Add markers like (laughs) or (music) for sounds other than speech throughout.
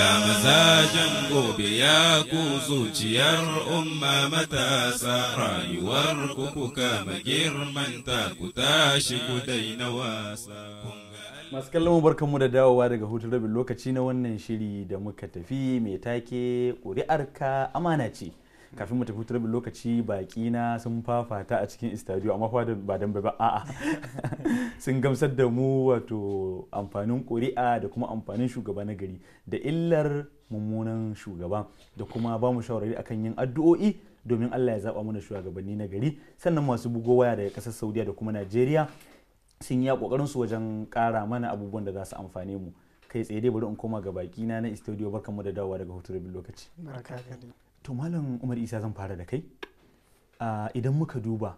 ya mazajen gobe ya ku zuciyar umma matasa rayuwar ku kuka magirmanta ku tashi ku daina wasa. masu kallon mu da dawowa daga hutun rabin lokaci na wannan shiri da muka tafi mai take ƙuri'arka amana ce kafin mu tafi hutu lokaci baki na sun fafata a cikin istadiyo amma fa ba dan ba a'a (laughs) sun gamsar da mu wato amfanin ƙuri'a da kuma amfanin shugaba na gari da illar mummunan shugaba da kuma ba mu shawarari akan yin addu'o'i domin Allah ya zaba mana shugabanni na gari sannan masu bugo waya daga kasar Saudiya da kuma Najeriya sun yi kokarin su wajen ƙara mana abubuwan da za su amfane mu kai tsaye dai bari in koma ga baki na na studio mu da dawowa daga hutu rabin lokaci to malam umar isa zan fara da kai idan muka duba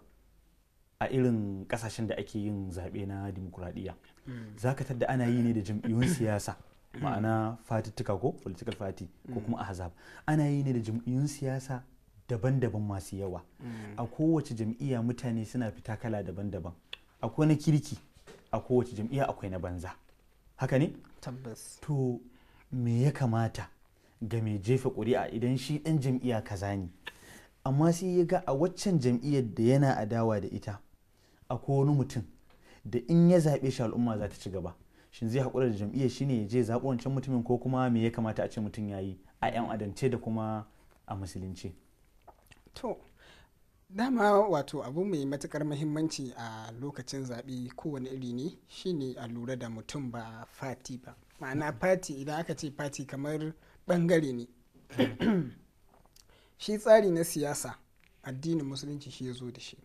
a irin kasashen da ake yin zaɓe na dimokuraɗiyya hmm. za ka tadda ana yi ne da jam'iyyun siyasa ma'ana fatittuka ko political party ko hmm. kuma ahzab ana yi ne da jam'iyyun siyasa daban-daban masu yawa hmm. a kowace jam'iyya mutane suna fita kala daban-daban akwai na kirki a kowace jam'iyya akwai na banza haka ne tabbas to me ya kamata ga mai jefa kuri'a idan shi ɗan jam'iyya kaza ne amma sai ya ga a waccan jam'iyyar da yana adawa da ita akwai wani mutum da in ya zaɓe shi al'umma za ta ci gaba shin zai haƙura da jam'iyyar shi ne ya je zaɓi wancan mutumin ko kuma me ya kamata a ce mutum ya yi a 'yan adance da kuma a musulunci to dama wato abu mai matukar mahimmanci a lokacin zaɓe kowane iri ne shine a lura da mutum ba fati ba ma'ana fati idan aka ce fati kamar bangare ne (clears throat) shi tsari na siyasa addinin musulunci shi ya zo da shi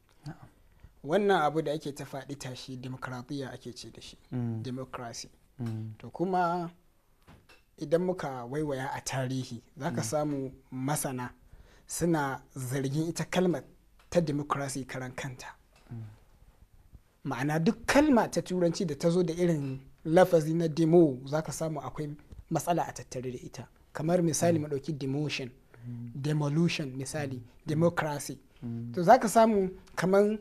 wannan abu da ake ta faɗi tashi demokratiya ake ce da shi mm. democracy mm. to kuma idan muka waiwaya a tarihi za ka mm. samu masana suna zargin ita kalmar ta demokrasi karan kanta ma'ana duk kalma ta turanci da ta zo da irin lafazi na demo za ka samu akwai matsala a tattare da ita kamar misali mm. mu ɗauki demotion mm. demolution misali mm. democracy to za ka samu kamar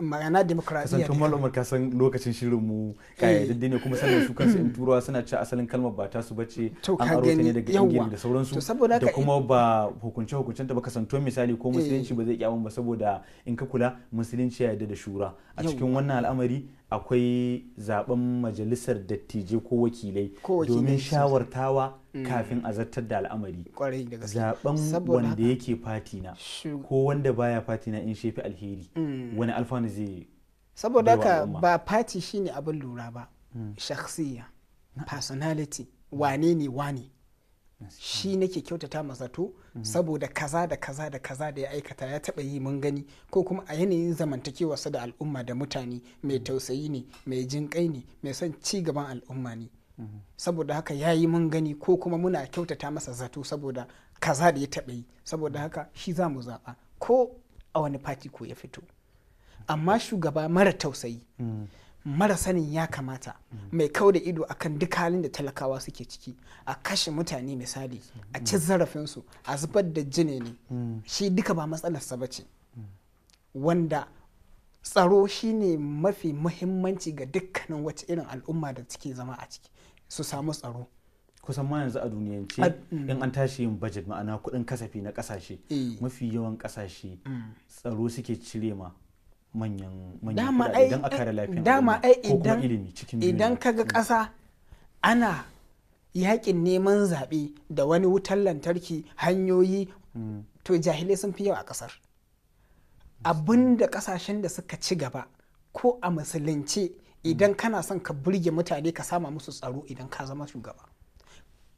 ma'ana demokrasiya kasan tun ka san lokacin shirin mu kayyadadde ne kuma sanin su kansu in eh. turawa suna ci asalin kalmar ba ta su bace an aro ne daga ingil da sauransu da kuma ba hukunce hukuncen ta ba kasanto misali ko musulunci eh. ba zai kyawun ba saboda in ka kula musulunci ya yadda da shura a cikin wannan al'amari akwai zaben majalisar dattijai ko wakilai domin shawartawa mm. kafin a zartar da al'amari zaben wanda yake fatina ko wanda baya fatina in shefi alheri mm. wani alfanu zai saboda haka ba fati shine abin lura ba mm. shakhsiya personality wane ne wane shi nake kyautata masa zato mhm. saboda kaza da kaza da kaza da ya aikata ya taba yi mun gani ko kuma a yanayin zamantakewarsa da al'umma da mutane mai mhm. tausayi ne mai jin kai ne mai son ci gaban al'umma ne mhm. saboda haka ya yi mun gani ko kuma muna kyautata masa zato saboda kaza da ya taba yi saboda haka shi za mu zaɓa ko a wani fati ko ya fito amma shugaba mara tausayi mm. mara sanin ya kamata mm. mai kau da ido akan duk halin da talakawa suke ciki a kashe mutane misali mm. a ci zarafinsu a zubar da jini ne mm. shi duka ba matsalarsa ba ce wanda tsaro shine mafi muhimmanci ga dukkanin wata irin al'umma da suke zama a ciki su samu tsaro kusan ma yanzu a duniyance in an tashi yin budget ma'ana kudin kasafi na kasashe eh. mafi yawan kasashe tsaro suke cire ma manyan idan aka da lafiyan dama ai idan idan kaga kasa mm. ana yakin neman zaɓe da wani wutan lantarki hanyoyi mm. to jahilai sun fi yawa a kasar abinda da ƙasashen da suka ci gaba ko a musulunci idan mm. kana son ka burge mutane ka sama musu tsaro idan ka zama shugaba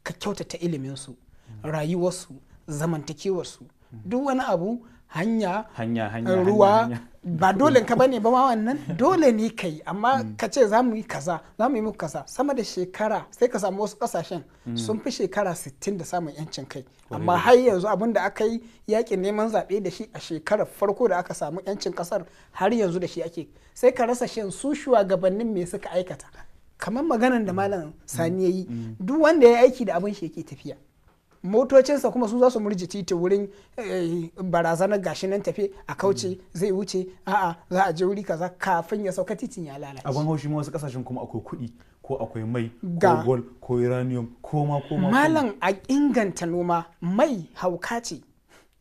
ka kyautata ilimin su rayuwarsu zamantakewarsu duk wani abu hanya ruwa ba dole ka bane ba ma wannan dole ne ka amma mm. ka ce za mu yi kaza za mu yi muku kaza sama da shekara sai ka samu wasu kasashen mm. sun fi shekara 60 da samun yancin kai amma har yanzu abin da aka yi yakin neman zaɓe da shi a shekarar farko da aka samu yancin ƙasar har yanzu da shi ake sai ka rasa shan su shugabannin me suka aikata kamar maganar da malam sani ya yi mm. duk wanda ya aiki da abin shi yake tafiya motocinsa kuma su za su murji titi wurin eh, barazanar gashi nan tafi a kauce zai wuce a'a za a je wuri kaza kafin ya sauka titin ya lalace abin haushi ma wasu kasashen kuma akwai kuɗi ko akwai mai ko gold ko uranium ko ma ko ma malam a inganta noma mai hauka ce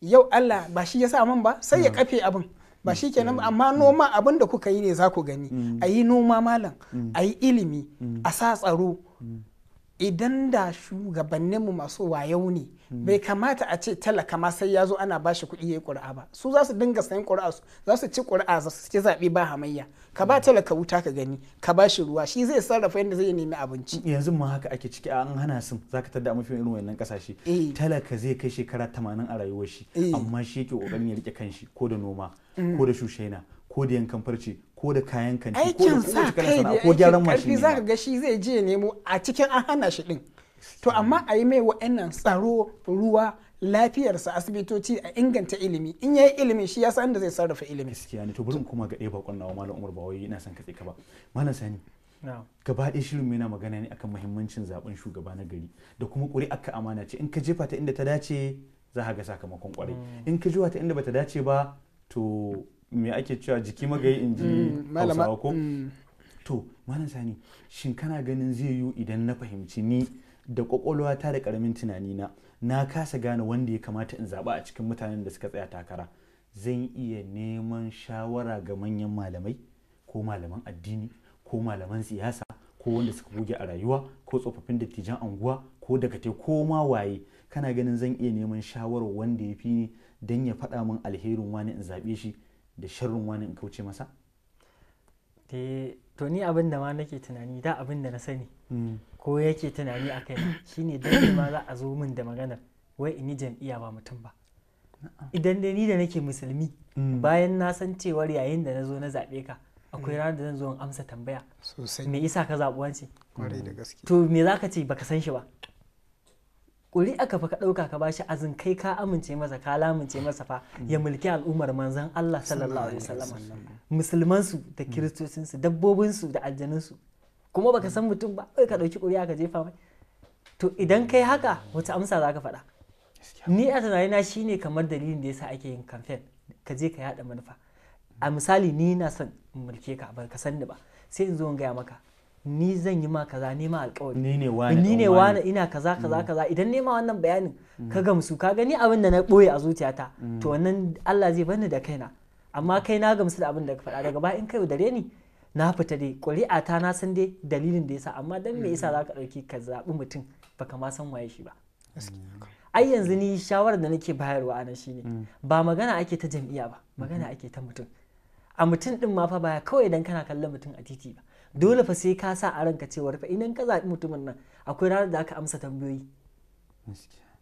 yau Allah ba shi ya sa man ba sai ya mm. kafe abin ba shi kenan ba mm. amma mm. noma abin da kuka yi ne za ku gani a yi noma malam a yi ilimi a sa tsaro idan da shugabanninmu masu wayau ne hmm. bai kamata a ce talaka ma sai ya zo ana ba shi kuɗi ya yi ƙura'a ba su za su dinga sayan su za su ci ƙuri'a za su ci zaɓe ba hamayya ka ba hmm. talaka wuta ka gani ka ba shi ruwa shi zai sarrafa yadda zai nemi abinci yanzu ma haka ake ciki an hana sun za ka tada mafi irin wannan ƙasashe eh. talaka zai kai shekara tamanin a rayuwar shi eh. amma shi yake ƙoƙarin ya riƙe kanshi ko da noma hmm. ko da shushaina ko da yankan farce ko da kayan kanti ko da kowace kalan sana'a ko gyaran mashin ne za ga shi zai je nemo a cikin an hana shi din to amma a yi mai wa'annan tsaro ruwa lafiyarsa asibitoci a inganta ilimi in yayi ilimi shi ya san da zai sarrafa ilimi gaskiya ne to bari kuma ga ɗaya bakon nawa malam Umar Bawai ina son ka tsika ba malam Sani gaba ɗaya shirin yana magana ne akan mahimmancin zaben shugaba na gari da kuma ƙuri aka amana ce in ka jefa ta inda ta dace za ka ga sakamakon ƙwarai hmm. in ka jefa ta inda bata dace ba to me ake cewa jiki magayi in ji mm, hausawa ko mm. to malam sani shin kana ganin zai yiwu idan na fahimci ni da kwakwalwa ta da karamin tunani na na kasa gane wanda ya kamata in zaba a cikin mutanen da suka tsaya takara zan iya neman shawara ga manyan malamai ko malaman addini ko malaman siyasa ko wanda suka goge a rayuwa ko tsofaffin dattijan anguwa ko daga te ko ma waye kana ganin zan iya neman shawarar wanda ya fi ni dan ya faɗa min alherin wani in zaɓe shi da sharrin wani in kauce masa eh, to ni abin da ma nake tunani da abin da na sani hmm. ko yake tunani a kai shine dole ma za a zo min da maganar wai in jam'iyya ba mutum ba idan da ni da nake musulmi hmm. bayan na san cewar yayin da na zo na zaɓe ka akwai hmm. ranar da zan zo in amsa tambaya me isa ka zaɓi wance to me za ka ce baka san shi ba ƙuri aka fa ka ɗauka ka bashi azin kai ka amince masa ka lamince masa fa ya mulki al'ummar manzan Allah sallallahu alaihi wasallam musulman da kiristocin dabbobinsu da aljanun su kuma baka san mutum ba kai ka ɗauki ƙuri aka jefa mai to idan kai haka wata amsa za ka faɗa ni a tunanina shine kamar dalilin da yasa ake yin kamfen ka je ka yaɗa manufa a misali ni na son mulke ka ba ka san ni ba sai in zo in gaya maka ni zan yi ma kaza ni ma alkawari ni ne wani ni ne ina kaza kaza mm. kaza idan nema wannan bayanin mm. ka gamsu ka gani abin da na boye a zuciyata mm. to wannan Allah zai bani da kaina amma kai na gamsu da abin da ka faɗa daga baya in kai da ni na fita dai ƙuri'a ta na san dai dalilin da yasa amma dan me yasa za ka ɗauki ka zaɓi mutum baka ma san waye shi ba ai yanzu ni shawarar da nake bayarwa anan shine ba magana ake ta jam'iyya ba magana mm-hmm. ake ta mutum a mutum din ma fa baya kawai idan kana kallon mutum a titi ba dole fa sai ka sa a ranka cewar fa idan ka zaɓi mutumin nan akwai ranar da aka amsa tambayoyi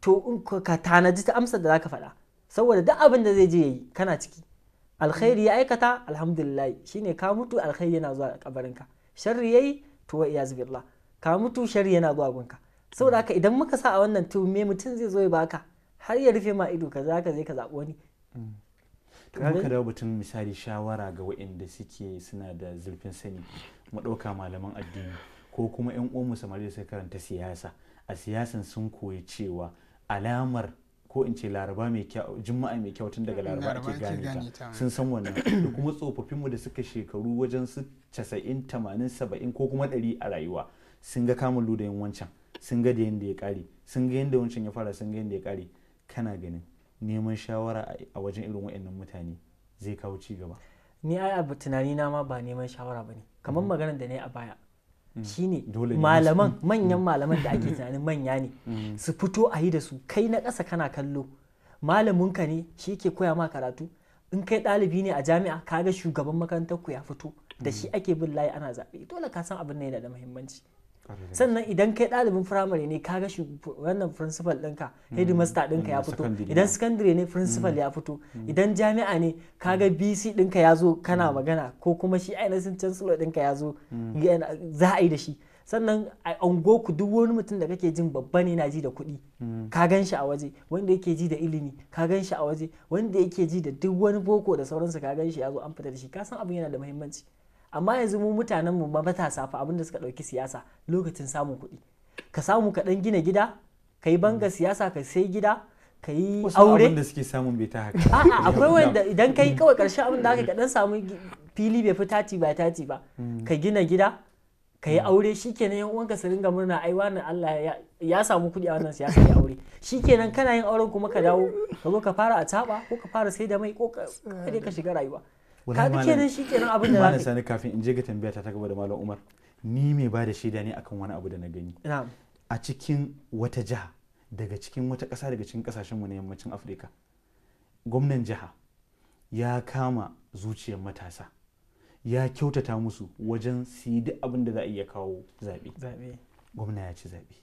to in ka tanaji ta amsa da zaka faɗa saboda duk abin da zai je ya yayi kana ciki alkhairi ya aikata alhamdulillah shine ka mutu alkhairi yana zuwa ka sharri yayi to wa iyaz billah ka mutu sharri yana zuwa gunka saboda haka idan muka sa a wannan to me mutum zai zo ya baka har ya rufe ma ido kaza ka zai ka zaɓi wani mm. kan ka dawo batun misali shawara ga waɗanda suke suna da zurfin sani mu ɗauka malaman addini ko kuma yan uwan samari da suka karanta siyasa a siyasan sun koyi cewa alamar ko in ce laraba mai kyau juma'a mai kyau tun daga laraba ake gane ta sun san wannan da kuma mu da suka shekaru wajen su casa'in 80 saba'in ko kuma ɗari a rayuwa sun ga kamun ludayin wancan sun ga da yadda ya kare sun ga yadda wancan ya fara sun ga yadda ya kare kana ganin neman shawara a wajen irin waɗannan mutane zai kawo ci gaba ni ai abu tunani na ma ba neman shawara bane kamar mm-hmm. maganar da na yi a baya mm. shine malaman manyan mm. malaman da ake (laughs) tunanin manya ne mm. su fito a yi da su kai na ƙasa kana kallo malamin ka ne shi ke koya ma karatu in kai ɗalibi ne a jami'a kaga shugaban makarantar ku ya fito da shi ake bin layi ana zaɓe dole ka san abin ne yana da muhimmanci sannan idan kai ɗalibin firamare ne ka gashi wannan principal ɗinka hmm. headmaster ɗinka ya hmm. fito idan secondary ne principal hmm. ya fito idan jami'a ne ka ga bc ɗinka ya zo kana magana ko kuma shi ainihin chancellor ɗinka ya zo za a yi da shi sannan a ku duk wani mutum da kake jin babba ne na ji da kuɗi ka gan shi a waje wanda yake ji da ilimi ka gan shi a waje wanda yake ji da duk wani boko da sauransu ka gan shi ya zo an fita da shi ka san abin yana da muhimmanci amma yanzu mu mutanen mu matasa fa abinda suka ɗauki siyasa lokacin samun kuɗi ka samu ka dan gina gida ka yi banga siyasa ka sai gida ka yi aure abin da suke samun bai ta haka a'a akwai wanda (laughs) idan kai kawai karshen abin da haka ka dan samu fili bai fi tati ba tati ba hmm. ka gina gida ka yi hmm. aure shikenan yan uwanka su ringa murna ai wannan Allah ya samu kuɗi a wannan siyasa ya aure shikenan kana yin auren kuma ka dawo ka zo ka fara a taba ko ka fara sai da mai ko ka ka shiga rayuwa kaga kenan shi kenan abin da malam sani kafin in je ga tambaya ta gaba da malam umar ni mai ba da shaida ne akan wani abu da na gani a cikin wata jiha daga cikin wata ƙasa daga cikin ƙasashenmu na yammacin afirka gwamnan jiha ya kama zuciyar matasa ya kyautata musu wajen siyi duk abin da za a iya kawo zaɓe gwamna ya ci zaɓe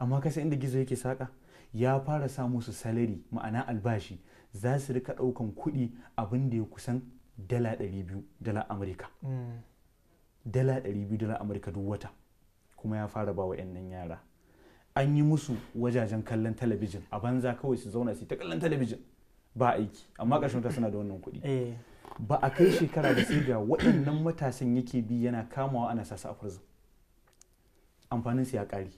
amma kasa inda gizo yake saka ya fara sa musu salari ma'ana albashi za su rika ɗaukan kuɗi abin da ya kusan dala 200 dala amurka dala 200 dala amurka duk wata kuma ya fara ba wa nan yara an yi musu wajajen kallon talabijin a banza kawai su zauna su ta kallon talabijin ba aiki amma ƙarshen ta suna da wannan kuɗi eh. ba a kai shekara da sai ga waɗannan matasan yake bi yana kamawa ana sasa a furzin amfanin su ya ƙari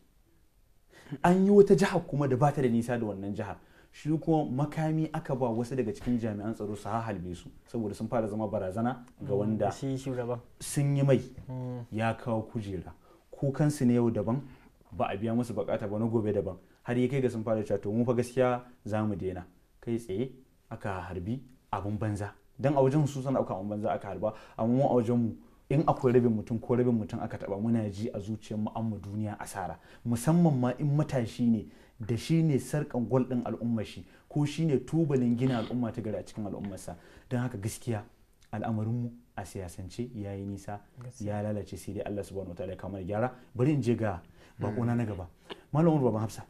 an yi wata jihar kuma da bata da nisa da wannan jihar shi kuma makami aka ba wasu daga cikin jami'an tsaro su halbe su saboda sun fara zama barazana ga hmm, wanda sun yi mai hmm. ya kawo kujera kukansu ne yau daban ba a biya musu bukata ba na gobe daban har yi kai ga sun fara cewa to mu fa gaskiya za mu daina kai tsaye aka harbi abun banza don a wajen su suna aka abun banza aka harba amma mu a wajen mu in akwai rabin mutum ko rabin mutum aka taba muna ji a zuciyarmu an mu duniya asara musamman ma in matashi ne da shi ne sarkan gwal ɗin al'ummar shi ko shi ne tubalin gina al'umma ta gari a cikin al'ummarsa don haka gaskiya al'amarinmu a siyasance ya yi nisa ya lalace sai dai Allah subhanahu wataala ya kama da gyara bari in je ga bakona na gaba malam baban Hafsa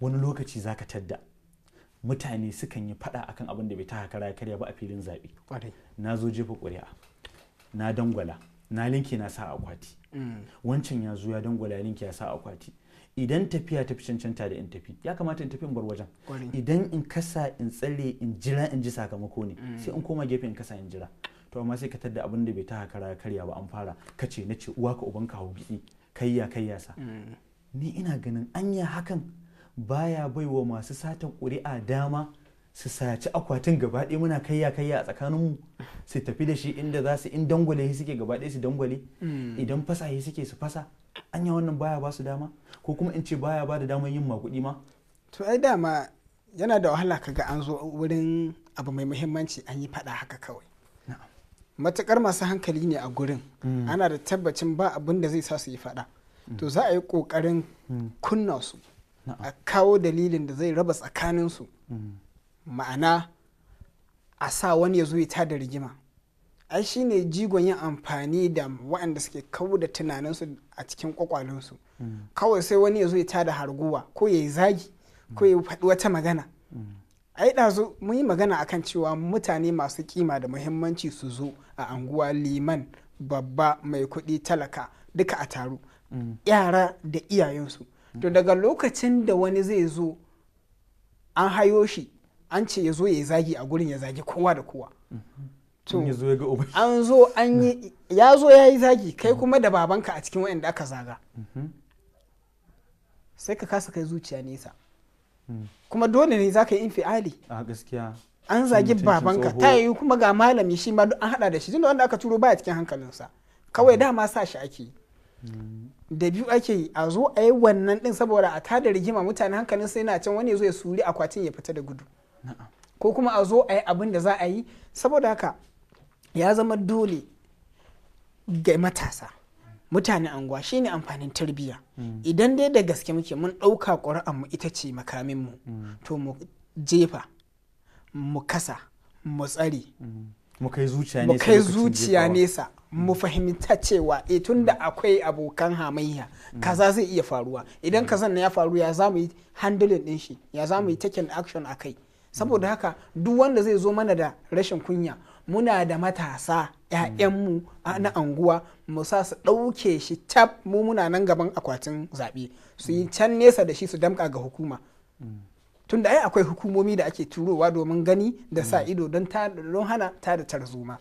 wani lokaci zaka tadda mutane sukan yi fada akan abin da bai ta hakara karya ba a filin zaɓe. na zo jefa ƙuri'a na dangwala na linki na sa akwati mm. wancan ya zo dangwala ya linki ya sa akwati idan tafiya tafi cancanta da in tafi ya kamata in tafi in bar wajen idan in kasa in tsalle in jira in ji sakamako ne mm. sai in koma gefe in kasa in jira to amma sai ka tadda abin da bai ta hakara karya ba an fara kace na ce uwa ka uban ka hau gitsi kai ya sa mm. ni ina ganin anya hakan baya baiwa masu satan ƙuri'a dama su saci akwatin gabaɗe muna kayya kayya a tsakaninmu su tafi da shi inda za su in dangwale shi suke gabaɗe su dangwale hmm. idan fasa shi suke su fasa anya wannan baya ba su dama ko kuma in ce baya ba da damar yin maguɗi ma to ai dama yana da wahala ka ga an zo wurin abu mai muhimmanci an yi faɗa haka kawai matukar masu hankali ne a gurin hmm. ana da tabbacin ba abin da zai sa su yi faɗa hmm. to za a yi ƙoƙarin kunna su a kawo dalilin da zai raba tsakaninsu ma'ana a sa wani ya zo ya tada rigima ai shi ne jigon yin amfani da waɗanda suke kawo da tunaninsu a cikin kwakwalinsu kawai sai wani ya zo ya tada harguwa ko ya yi zagi ko ya faɗi wata magana ai ɗazu mun yi magana akan cewa mutane masu kima da muhimmanci su zo a anguwa liman babba mai kuɗi talaka duka a taro. yara da iyayensu to daga lokacin da wani zai zo an hayo shi an ce ya zo ya zagi a gurin ya zagi kowa da kowa ya zo ya yi zagi kai kuma da babanka a cikin da aka zaga sai ka kasa kai zuciya nesa kuma dole ne za ka yi infiali a an zagi babanka ta yi kuma ga malami shi ma an hada da shi tunda wanda aka turo baya cikin hankalinsa kawai mm. dama sa shi ake yi da biyu ake yi a zo a yi wannan din saboda a tada rigima mutane hankalin sai na can wani ya zo ya suri akwatin ya fita da gudu ko kuma a zo a yi abin da za a yi saboda haka ya zama dole ga matasa mutane anguwa shine amfanin tarbiyya mm. idan dai da gaske muke mun ɗauka mu ita ce makaminmu mm. to mu jefa mu kasa mu tsare mm. mu kai zuciya nesa mu fahimta cewa e tun da akwai abokan hamayya kaza zai iya faruwa idan kazan na ya faru ya za mu yi handling din shi ya za mu yi taken action a kai saboda mm. haka duk wanda zai zo mana da rashin kunya muna da matasa 'ya'yanmu mm. na anguwa mu sa su ɗauke shi tab mu muna nan gaban akwatin zaɓe su yi mm. can nesa da shi su damka ga hukuma tunda ai akwai hukumomi da ake turowa domin gani da sa ido don hana ta da tarzoma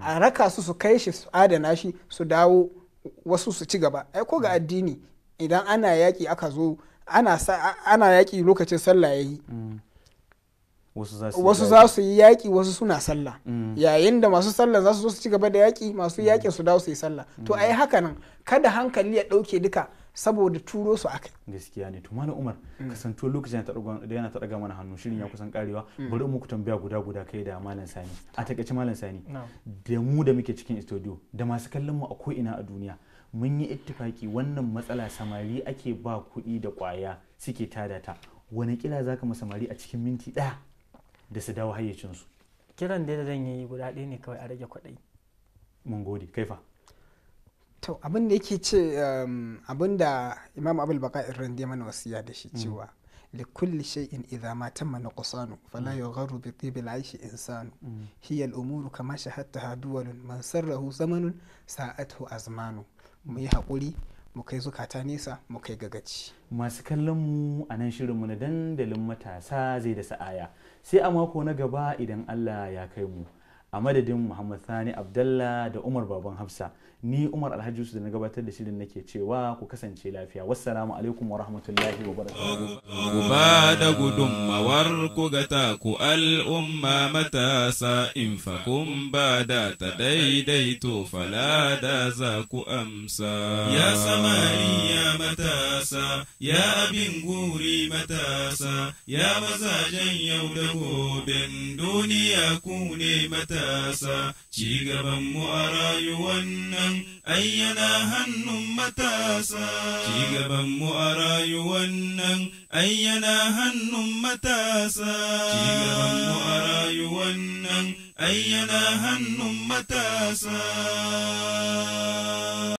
a raka su su kai shi su adana shi su dawo wasu su ci gaba ai ko ga addini idan ana yaƙi aka zo ana yaƙi lokacin sallah yayi wasu za su yi yaƙi wasu suna sallah mm. yayin da masu sallah za su zo su ci gaba da yaƙi masu mm. yaƙin su dawo su yi sallah to mm. a haka nan kada hankali ya ɗauke duka saboda turo su aka gaskiya ne to mana umar kasantuwa lokacin da yana ta ɗaga mana hannu shirin ya kusan karewa bari mu ku tambaya guda guda kai da malam sani a takaice malam sani da mu da muke cikin studio da masu kallon mu a ko ina a duniya mun yi ittifaki wannan matsala samari ake ba kuɗi da ƙwaya suke tada ta wani kila zaka ma samari a cikin minti ɗaya da su dawo hayyacinsu kiran da zan yi guda ɗaya ne kawai a rage kwaɗayi. mun gode kai fa to abin da yake ce um, abin da imam abul baka irin da mana wasiya da shi mm. cewa li kulli in idza ma tamma nuqsanu fala mm. yughru bi tibi al'ishi insanu mm. hiya umuru kama shahadta hadwalun man sarrahu zamanun sa'atuhu azmanu mu yi haƙuri mu kai zukata nesa mu kai gagaci masu kallon mu a nan shirinmu na dandalin matasa zai da sa'aya sai a mako na gaba idan allah ya kai mu a madadin muhammad sani abdallah da umar baban hafsa ni umar alhaji yusuf da na gabatar da shirin nake cewa ku kasance lafiya wassalamu alaikum wa rahmatullahi wa barakatuhu ba da gudunmawar ku ga ku al'umma matasa in fa kun ba da ta daidaito fala da za ku amsa ya samariya matasa ya abin guri matasa ya mazajen yau da goben duniya ku ne matasa ci gaban mu a rayuwar nan ayyana hannun matasa cigaban mu a rayuwan nan ayyana hannun matasa cigaban mu a rayuwan nan ayyana hannun matasa